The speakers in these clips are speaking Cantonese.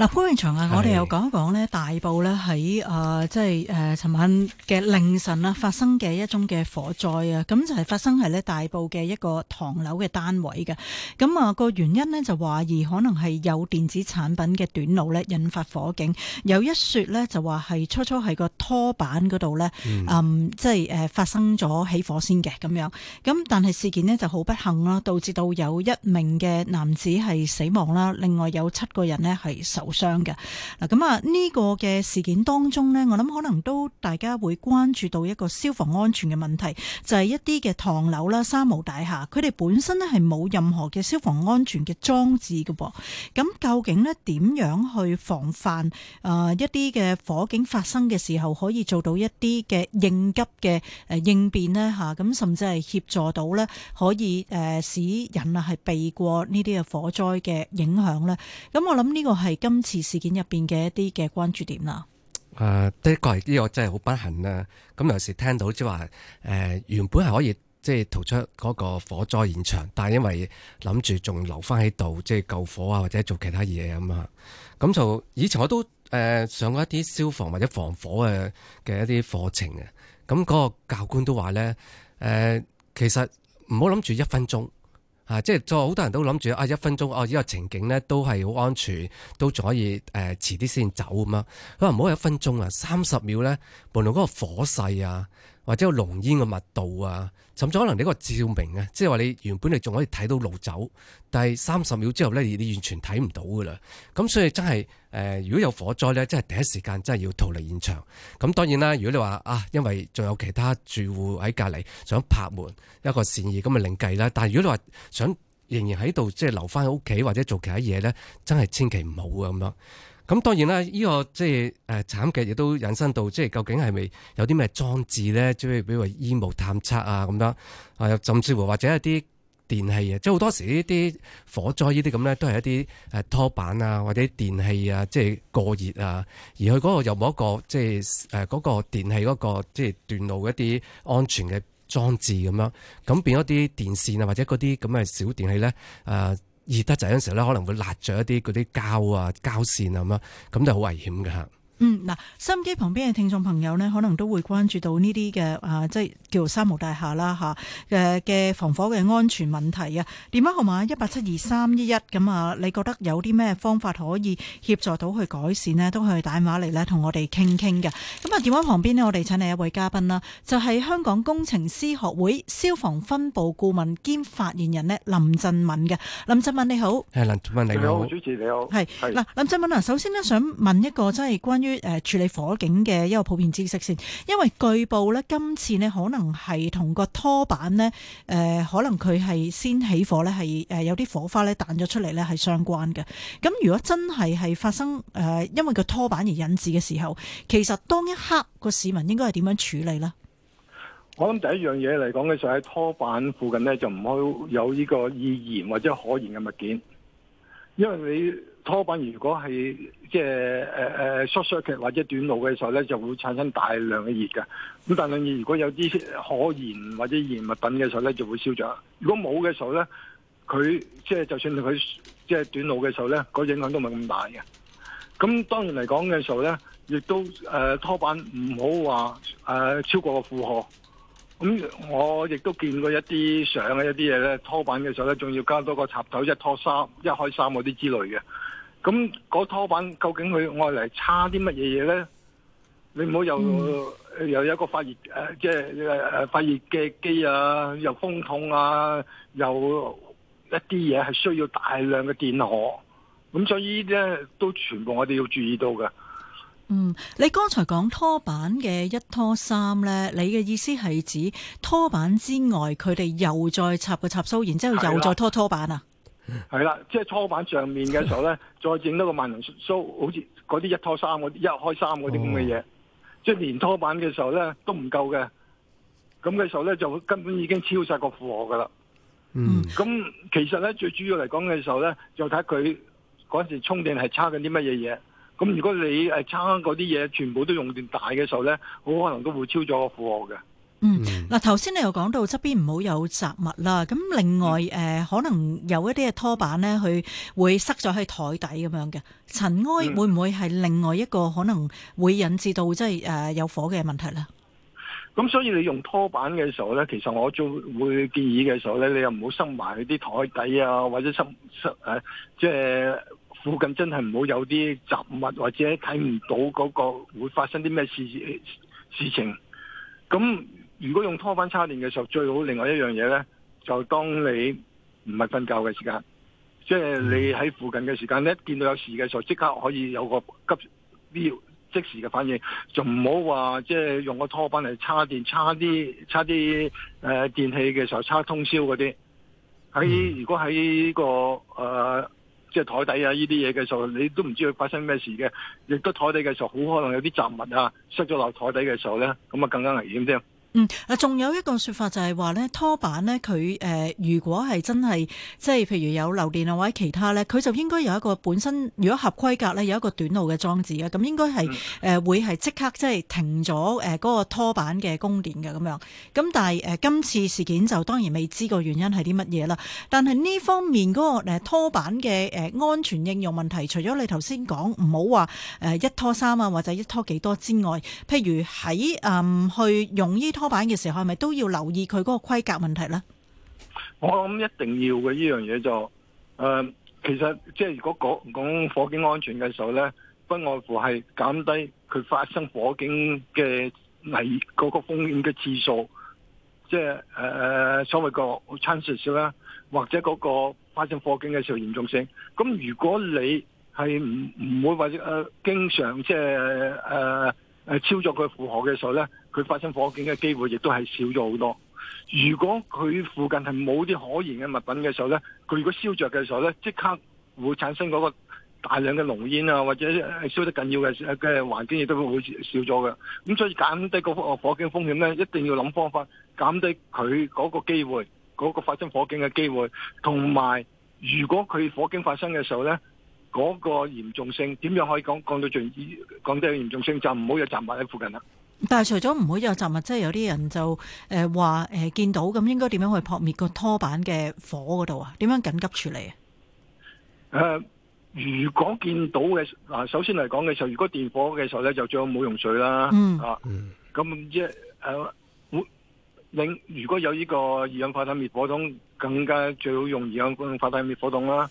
嗱潘永祥啊，我哋又講一講呢是大埔呢。喺、呃、啊即係誒，尋、呃、晚嘅凌晨啦發生嘅一宗嘅火災啊，咁就係發生喺呢大埔嘅一個唐樓嘅單位嘅，咁啊個原因呢就懷疑可能係有電子產品嘅短路呢，引發火警，有一説呢，就話係初初喺個拖板嗰度呢，嗯，嗯，即係誒、呃、發生咗起火先嘅咁樣，咁但係事件呢就好不幸啦，導致到有一名嘅男子係死亡啦，另外有七個人呢係受傷嘅嗱，咁啊呢個嘅事件當中呢，我諗可能都大家會關注到一個消防安全嘅問題，就係一啲嘅唐樓啦、三無大廈，佢哋本身呢係冇任何嘅消防安全嘅裝置嘅噃。咁究竟呢點樣去防範誒一啲嘅火警發生嘅時候，可以做到一啲嘅應急嘅誒應變咧吓？咁甚至係協助到呢，可以誒使人啊係避過呢啲嘅火災嘅影響呢。咁我諗呢個係今。次事件入邊嘅一啲嘅關注點啊，誒、呃，的確係呢個真係好不幸啊。咁有時聽到即係話，誒、呃，原本係可以即係逃出嗰個火災現場，但係因為諗住仲留翻喺度，即係救火啊，或者做其他嘢咁啊。咁就以前我都誒上過一啲消防或者防火嘅嘅一啲課程啊，咁嗰個教官都話咧，誒、呃，其實唔好諗住一分鐘。啊！即係好多人都諗住啊，一分鐘哦，呢個情景咧都係好安全，都仲可以誒遲啲先走咁樣。佢話唔好係一分鐘啊，三十秒咧，無論嗰個火勢啊～或者有濃煙嘅密度啊，甚至可能你個照明啊，即係話你原本你仲可以睇到路走，但係三十秒之後咧，你完全睇唔到噶啦。咁所以真係誒、呃，如果有火災咧，真係第一時間真係要逃離現場。咁當然啦，如果你話啊，因為仲有其他住戶喺隔籬想拍門有一個善意咁啊另計啦。但係如果你話想仍然喺度即係留翻喺屋企或者做其他嘢咧，真係千祈唔好啊咁樣。咁當然啦，呢個即係誒慘劇亦都引申到，即係究竟係咪有啲咩裝置咧？即係比如話煙霧探測啊，咁樣啊，又甚至乎或者一啲電器啊，即係好多時呢啲火災呢啲咁咧，都係一啲誒拖板啊，或者電器啊，即係過熱啊，而佢嗰個又冇一個即係誒嗰個電器嗰個即係斷路一啲安全嘅裝置咁樣，咁變咗啲電線啊，或者嗰啲咁嘅小電器咧，誒。熱得滯嗰陣時咧，可能會辣著一啲嗰啲膠啊、膠線咁咯，咁都係好危險㗎吓。嗯，嗱、啊，收音機旁邊嘅聽眾朋友咧，可能都會關注到呢啲嘅啊，即係叫三毛大廈啦吓嘅嘅防火嘅安全問題啊。電話號碼一八七二三一一，咁啊，你覺得有啲咩方法可以協助到去改善咧？都可以打電話嚟咧，同我哋傾傾嘅。咁啊，電、啊、話、啊、旁邊咧，我哋請嚟一位嘉賓啦，就係、是、香港工程師學會消防分部顧問兼發言人咧，林振敏嘅。林振敏你好，係林振敏你,你好，主持你好，係係嗱，林振敏啊，首先咧想問一個即係關於。誒，處理火警嘅一個普遍知識先，因為據報呢今次咧可能係同個拖板呢，誒、呃，可能佢係先起火呢係誒有啲火花咧彈咗出嚟，呢係相關嘅。咁如果真係係發生誒、呃，因為個拖板而引致嘅時候，其實當一刻個市民應該係點樣處理咧？我諗第一樣嘢嚟講咧，就喺拖板附近呢，就唔好有呢個易燃或者可燃嘅物件。因為你拖板如果係即係誒誒 short circuit 或者短路嘅時候咧，就會產生大量嘅熱嘅。咁但係你如果有啲可燃或者易燃物品嘅時候咧，就會燒咗。如果冇嘅時候咧，佢即係就算佢即係短路嘅時候咧，個影響都唔係咁大嘅。咁當然嚟講嘅時候咧，亦都誒、呃、拖板唔好話誒超過個負荷。咁、嗯、我亦都見過一啲相嘅一啲嘢咧，拖板嘅時候咧，仲要加多個插頭，一拖三，一開三嗰啲之類嘅。咁嗰、那個、拖板究竟佢愛嚟差啲乜嘢嘢咧？你唔好又又有一個發熱即係誒發熱嘅機啊，又風筒啊，又一啲嘢係需要大量嘅電荷。咁所以呢啲都全部我哋要注意到嘅。嗯，你剛才講拖板嘅一拖三咧，你嘅意思係指拖板之外，佢哋又再插個插蘇，然之後又再拖拖板啊？係啦，即係拖板上面嘅時候咧， 再整多個萬能蘇，好似嗰啲一拖三嗰啲、一開三嗰啲咁嘅嘢。哦、即係連拖板嘅時候咧都唔夠嘅，咁嘅時候咧就根本已經超晒個負荷噶啦。嗯，咁其實咧最主要嚟講嘅時候咧，就睇佢嗰時充電係差緊啲乜嘢嘢。咁、嗯、如果你誒撐嗰啲嘢全部都用電大嘅時候咧，好可能都會超咗個負荷嘅。嗯，嗱頭先你又講到側邊唔好有雜物啦，咁另外誒、嗯呃、可能有一啲嘅拖板咧，佢會塞咗喺台底咁樣嘅塵埃，會唔會係另外一個可能會引致到即係誒有火嘅問題咧？咁、嗯、所以你用拖板嘅時候咧，其實我做會建議嘅時候咧，你又唔好塞埋啲台底啊，或者塞塞誒即係。啊即係附近真係唔好有啲雜物，或者睇唔到嗰個會發生啲咩事事情。咁如果用拖板插電嘅時候，最好另外一樣嘢呢，就當你唔係瞓覺嘅時間，即係你喺附近嘅時間，呢一見到有事嘅時候，即刻可以有個急即時嘅反應，就唔好話即係用個拖板嚟插電，差啲差啲誒電器嘅時候，差通宵嗰啲。喺如果喺個誒。呃即係台底啊！呢啲嘢嘅時候，你都唔知佢發生咩事嘅，亦都台底嘅時候，好可能有啲雜物啊，塞咗落台底嘅時候咧，咁啊更加危險添。嗯，嗱，仲有一個說法就係話咧，拖板咧，佢、呃、誒，如果係真係，即係譬如有漏電或者其他咧，佢就應該有一個本身如果合規格咧，有一個短路嘅裝置啊，咁應該係誒會係即刻即係停咗誒個拖板嘅供電嘅咁樣。咁但係誒、呃、今次事件就當然未知個原因係啲乜嘢啦。但係呢方面嗰個誒拖板嘅誒安全應用問題，除咗你頭先講唔好話誒一拖三啊或者一拖幾多之外，譬如喺誒、嗯、去用呢。拖板嘅時候係咪都要留意佢嗰個規格問題咧？我諗一定要嘅。呢樣嘢就誒，其實即係如果講講火警安全嘅時候咧，不外乎係減低佢發生火警嘅危嗰個風險嘅次數，即係誒所謂個 chance 少啦，或者嗰個發生火警嘅時候嚴重性。咁如果你係唔唔會或者誒經常即係誒。呃誒超咗佢負荷嘅時候咧，佢發生火警嘅機會亦都係少咗好多。如果佢附近係冇啲可燃嘅物品嘅時候咧，佢如果燒着嘅時候咧，即刻會產生嗰個大量嘅濃煙啊，或者係燒得緊要嘅嘅環境亦都會少咗嘅。咁所以減低嗰個火警風險咧，一定要諗方法減低佢嗰個機會，嗰、嗰個發生火警嘅機會。同埋如果佢火警發生嘅時候咧，嗰個嚴重性點樣可以降降到最降低嘅嚴重性，就唔好有雜物喺附近啦。但係除咗唔好有雜物，即係有啲人就誒話誒見到咁，應該點樣去撲滅個拖板嘅火嗰度啊？點樣緊急處理啊？誒、呃，如果見到嘅嗱，首先嚟講嘅時候，如果電火嘅時候咧，就最好唔好用水啦。嗯啊，咁即係誒會令如果有呢個二氧化碳滅火筒，更加最好用二氧化碳滅火筒啦。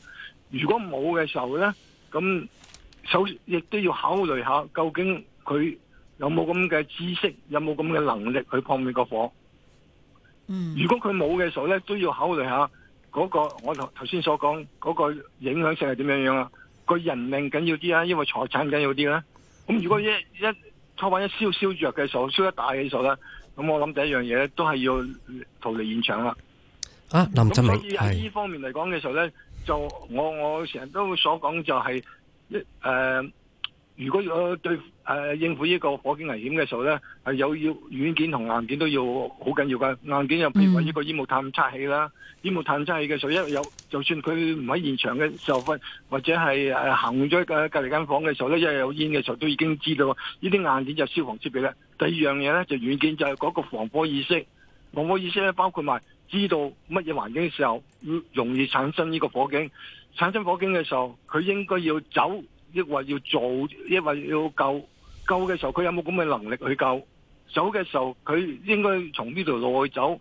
如果冇嘅時候咧，咁首亦都要考慮下究竟佢有冇咁嘅知識，有冇咁嘅能力去撲滅個火？嗯。如果佢冇嘅時候咧，都要考慮下嗰，那個我頭頭先所講嗰，那個影響性係點樣樣啊？個人命緊要啲啊，因為財產緊要啲咧。咁如果一一拖翻一燒燒著嘅時候，燒得大嘅時候咧，咁我諗第一樣嘢都係要逃離現場啦。啊，林振敏所以喺呢方面嚟講嘅時候咧。就我我成日都所講就係一誒，如果要對誒、呃、應付呢個火警危險嘅時候咧，係有要軟件同硬件都要好緊要噶。硬件又譬如話呢個煙霧探測器啦，煙霧探測器嘅時候一有就算佢唔喺現場嘅時候分，或者係誒行咗隔隔籬間房嘅時候咧，一有煙嘅時候都已經知道。呢啲硬件就消防設備啦。第二樣嘢咧就軟件就係嗰個防火意識。防火意識咧包括埋。知道乜嘢環境嘅時候，要容易產生呢個火警；產生火警嘅時候，佢應該要走，抑或要做，抑或要救？救嘅時候，佢有冇咁嘅能力去救？走嘅時候，佢應該從呢度落去走，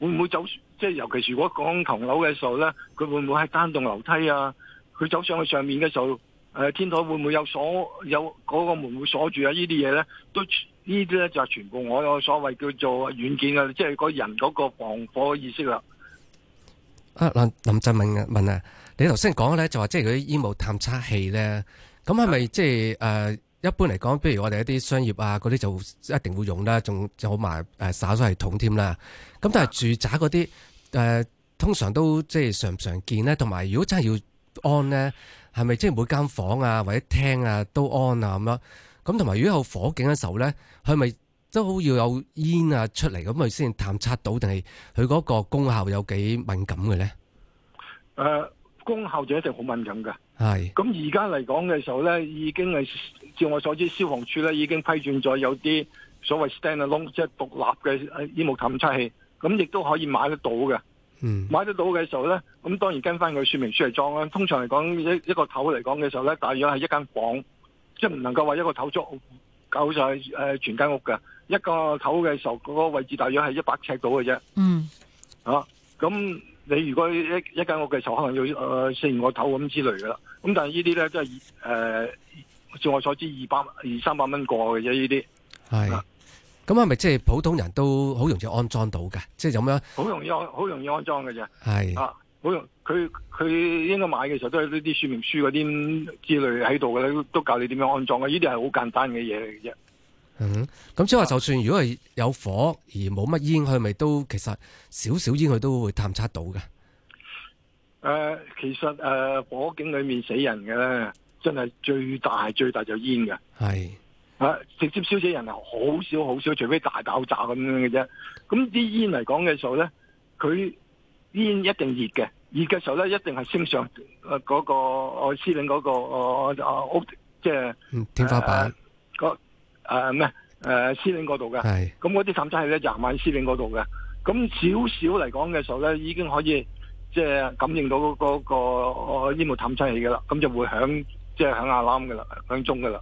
會唔會走？即係、嗯、尤其是如果講唐樓嘅時候呢，佢會唔會喺單棟樓梯啊？佢走上去上面嘅時候、呃，天台會唔會有鎖？有嗰個門會鎖住啊？呢啲嘢呢？都。呢啲咧就係全部我有所謂叫做軟件嘅，即係個人嗰個防火的意識啦。阿林林振敏問啊，你頭先講咧就話即係嗰啲煙霧探測器咧，咁係咪即係誒？一般嚟講，比如我哋一啲商業啊嗰啲就一定會用啦，仲有埋誒灑水系統添啦。咁但係住宅嗰啲誒，通常都即係常唔常見咧。同埋如果真係要安咧，係咪即係每間房啊或者廳啊都安啊咁樣？咁同埋，如果有火警嘅時候咧，佢咪都好要有煙啊出嚟，咁佢先探測到，定係佢嗰個功效有幾敏感嘅咧？誒、呃，功效就一定好敏感嘅。係是。咁而家嚟講嘅時候咧，已經係，照我所知，消防處咧已經批准咗有啲所謂 standalone 即係獨立嘅煙霧探測器，咁亦都可以買得到嘅。嗯。買得到嘅時候咧，咁當然跟翻佢說明書嚟裝啦。通常嚟講，一一個頭嚟講嘅時候咧，大約係一間房間。即係唔能夠話一個頭足夠晒誒全間屋嘅，一個頭嘅時候，嗰、嗰個位置大約係一百尺到嘅啫。嗯，啊，咁你如果一一間屋嘅時候，可能要誒四五個頭咁之類噶啦。咁但係呢啲咧，即係誒，據我所知，二百二三百蚊過嘅啫呢啲。係，咁係咪即係普通人都好容易安裝到嘅？即係咁樣？好容,容易安裝，好容易安裝嘅啫。係、啊。好，佢佢應該買嘅時候都係呢啲說明書嗰啲之類喺度嘅咧，都教你點樣安裝嘅，呢啲係好簡單嘅嘢嚟嘅啫。嗯，咁即係話，就算如果係有火而冇乜煙，佢係咪、啊、都其實少少煙，佢都會探測到㗎。誒、呃，其實誒、呃，火警裏面死人嘅咧，真係最大最大就煙㗎，係是啊，直接燒死人係好少好少，除非大爆炸咁樣嘅啫。咁啲煙嚟講嘅時候咧，佢。煙一定熱嘅，熱嘅時候咧，一定係升上誒嗰個我司令嗰、那個啊屋，即係、嗯、天花板誒咩誒司令嗰度嘅。咁嗰啲探測器咧就行埋司令嗰度嘅。咁少少嚟講嘅時候咧，已經可以即係、就是、感應到嗰個煙霧探測器嘅啦，咁就會響即係響下籃噶啦，響鐘噶啦。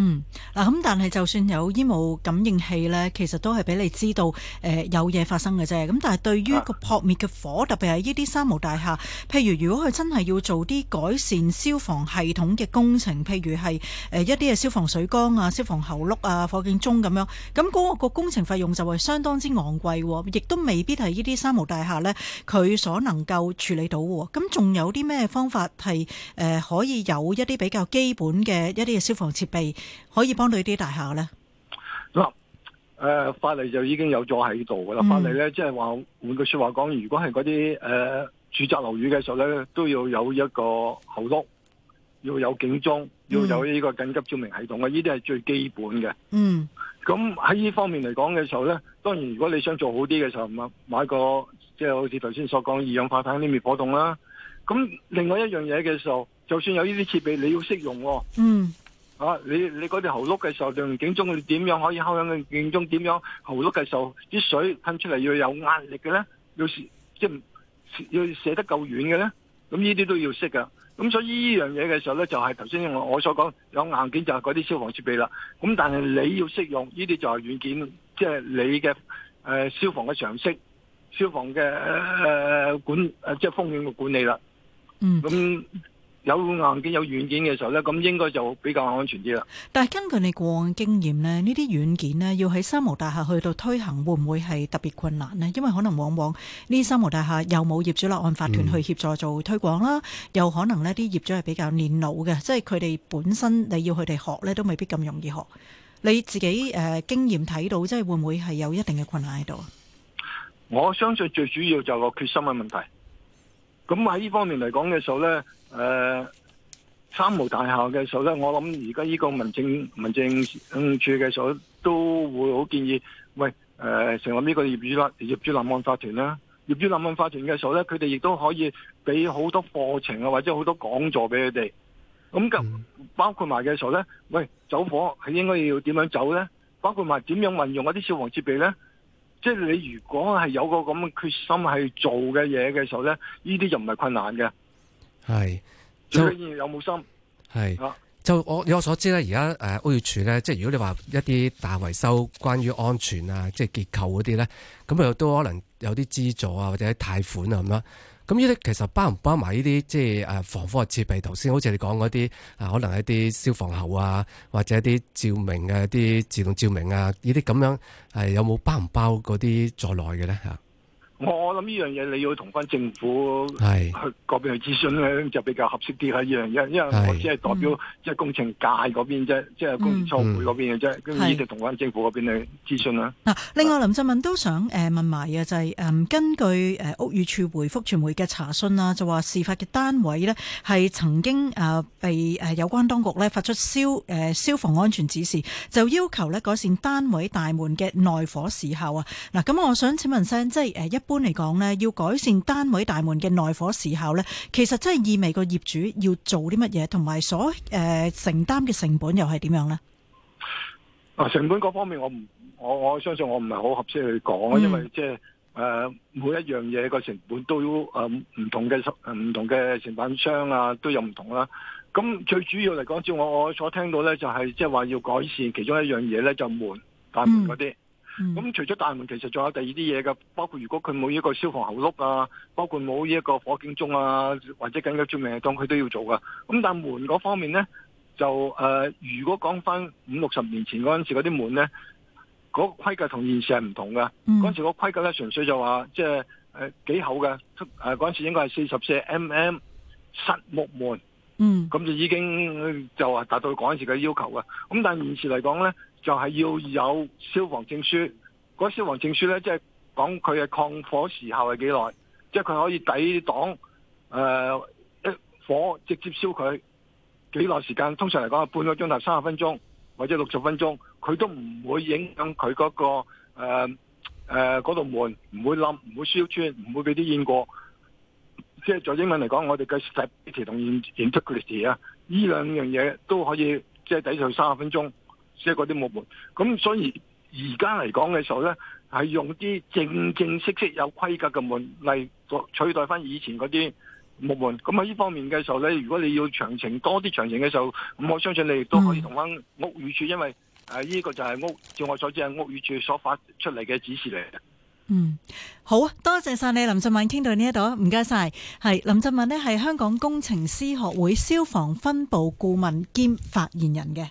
嗯，嗱咁，但係就算有煙霧感應器咧，其實都係俾你知道，誒、呃、有嘢發生嘅啫。咁但係對於個撲滅嘅火，特別係呢啲三無大廈，譬如如果佢真係要做啲改善消防系統嘅工程，譬如係誒一啲嘅消防水缸啊、消防喉轆啊、火警鐘咁樣，咁嗰個工程費用就會相當之昂貴，亦都未必係呢啲三無大廈咧佢所能夠處理到。咁仲有啲咩方法係誒、呃、可以有一啲比較基本嘅一啲嘅消防設備？可以幫到啲大廈咧？嗱，誒，法例就已經有咗喺度噶啦。嗯、法例咧，即係話，換句說話講，如果係嗰啲誒住宅樓宇嘅時候咧，都要有一個喉轆，要有警鐘，嗯、要有呢個緊急照明系統嘅，呢啲係最基本嘅。嗯。咁喺呢方面嚟講嘅時候咧，當然如果你想做好啲嘅時候，買買個即係好似頭先所講二氧化碳呢滅火筒啦。咁另外一樣嘢嘅時候，就算有呢啲設備，你要識用、哦。嗯。啊！你你嗰隻喉轆嘅時候，你用警鐘點樣可以敲響嘅警鐘？點樣喉轆嘅時候，啲水噴出嚟要有壓力嘅咧，要射即係要射得夠遠嘅咧。咁呢啲都要識噶。咁所以呢樣嘢嘅時候咧，就係頭先我所講有硬件就係嗰啲消防設備啦。咁但係你要識用呢啲就係軟件，即係你嘅誒、呃、消防嘅常識、消防嘅、呃、管即係風險嘅管理啦。嗯。咁。有硬件有軟件嘅時候呢，咁應該就比較安全啲啦。但係根據你過往經驗呢，呢啲軟件呢要喺三無大廈去到推行，會唔會係特別困難呢？因為可能往往呢三無大廈又冇業主立案法團去協助做推廣啦，嗯、又可能呢啲業主係比較年老嘅，即係佢哋本身你要佢哋學呢都未必咁容易學。你自己誒、呃、經驗睇到，即係會唔會係有一定嘅困難喺度？我相信最主要就個決心嘅問題。咁喺呢方面嚟講嘅時候咧，誒、呃、三無大廈嘅時候咧，我諗而家呢個民政民政處嘅時候都會好建議，喂、呃、成立呢個業主啦業主立案法團啦，業主立案法團嘅時候咧，佢哋亦都可以俾好多課程啊，或者好多講座俾佢哋。咁咁包括埋嘅時候咧，喂走火係應該要點樣走咧？包括埋點樣運用一啲消防設備咧？即係你如果係有個咁嘅決心去做嘅嘢嘅時候咧，呢啲就唔係困難嘅。係，有冇心係。就我以所知咧，而家誒屋宇署咧，即係如果你話一啲大維修，關於安全啊，即係結構嗰啲咧，咁又都可能有啲資助啊，或者是貸款啊咁樣。是咁呢啲其實包唔包埋呢啲即係誒防火嘅設備？頭先好似你講嗰啲啊，可能一啲消防喉啊，或者一啲照明啊，一啲自動照明啊，呢啲咁樣係有冇包唔包嗰啲在內嘅咧嚇？我我諗呢樣嘢你要同翻政府去嗰邊去諮詢咧，是就比較合適啲喺呢樣嘢，因為我只係代表即係工程界嗰邊啫，即係、嗯、工程師學會嗰邊嘅啫，嗯、跟住要同翻政府嗰邊去諮詢啦。嗱是，另外林振敏都想誒問埋嘅就係、是、誒根據誒屋宇署回覆傳媒嘅查詢啊，就話事發嘅單位呢係曾經誒被誒有關當局咧發出消誒消防安全指示，就要求咧改善單位大門嘅耐火時效啊。嗱，咁我想請問聲，即係誒一。一般嚟講咧，要改善單位大門嘅耐火時效咧，其實真係意味個業主要做啲乜嘢，同埋所誒、呃、承擔嘅成本又係點樣咧？啊，成本嗰方面我唔，我我相信我唔係好合適去講，嗯、因為即係誒每一樣嘢個成本都要誒唔同嘅唔、呃、同嘅承辦商啊都有唔同啦。咁最主要嚟講，照我我所聽到咧，就係即係話要改善其中一樣嘢咧，就是、門大門啲。嗯咁、嗯、除咗大門，其實仲有第二啲嘢嘅，包括如果佢冇呢個消防喉轆啊，包括冇呢一個火警鐘啊，或者緊急照明燈，佢都要做噶。咁、嗯、但門嗰方面咧，就誒、呃，如果講翻五六十年前嗰陣時嗰啲門咧，嗰規格同現時係唔同噶。嗰陣、嗯、時個規格咧，純粹就話即係誒幾厚嘅，誒嗰陣時應該係四十四 mm 實木門。嗯，咁就已經就話達到嗰陣時嘅要求㗎。咁、嗯、但現時嚟講咧。就係要有消防證書，嗰、那個、消防證書呢，即、就、係、是、講佢嘅抗火時效係幾耐，即係佢可以抵擋、呃、一火直接燒佢幾耐時間。通常嚟講係半個鐘頭、三十分鐘或者六十分鐘，佢都唔會影響佢嗰、那個嗰度、呃呃那個、門唔會冧、唔會燒穿、唔會俾啲煙過。即、就、係、是、在英文嚟講，我哋嘅 stability 同 integrity 啊，呢兩樣嘢都可以即係、就是、抵住三十分鐘。即係啲木門，咁所以而家嚟講嘅時候咧，係用啲正正式式有規、有規格嘅門嚟取代翻以前嗰啲木門。咁喺呢方面嘅時候咧，如果你要詳情、多啲詳情嘅時候，咁我相信你亦都可以同翻屋宇處，嗯、因為誒呢、啊，這個就係屋，照我所知係屋宇處所發出嚟嘅指示嚟嘅。嗯，好多謝晒你林振敏，傾到呢一度，唔該晒。係林振敏呢，係香港工程師學會消防分部顧問兼發言人嘅。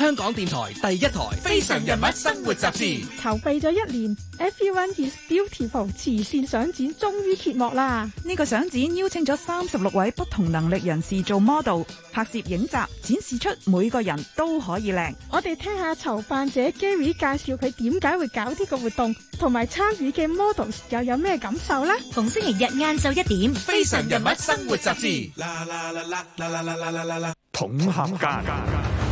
香港電台第一台《非常人物生活雜誌》籌備咗一年，Everyone is Beautiful 慈善相展終於揭幕啦！呢個相展邀請咗三十六位不同能力人士做 model 拍攝影集，展示出每個人都可以靚。我哋聽下籌辦者 Gary 介紹佢點解會搞呢個活動，同埋參與嘅 models 又有咩感受呢？逢星期日晏晝一點，《非常人物生活雜誌》啦啦啦啦啦啦啦啦啦，統合間。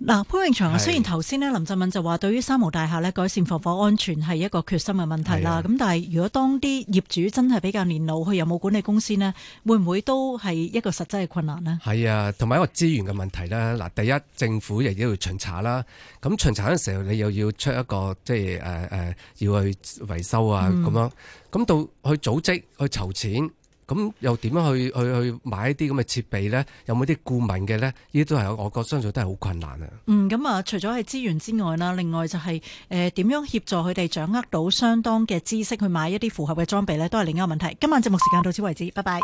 嗱，潘永祥啊，雖然頭先林振敏就話對於三無大廈改善防火安全係一個決心嘅問題啦，咁、啊、但係如果當啲業主真係比較年老，佢有冇管理公司呢？會唔會都係一個實際嘅困難呢？係啊，同埋一個資源嘅問題啦。嗱，第一政府亦都要巡查啦，咁巡查嘅時候你又要出一個即係誒誒要去維修啊咁、嗯、樣，咁到去組織去籌錢。咁又點樣去去去買一啲咁嘅設備呢？有冇啲顧問嘅呢？呢啲都係我覺得相信都係好困難啊、嗯。嗯，咁、嗯、啊，除咗係資源之外啦，另外就係誒點樣協助佢哋掌握到相當嘅知識去買一啲符合嘅裝備呢？都係另一個問題。今晚節目時間到此為止，拜拜。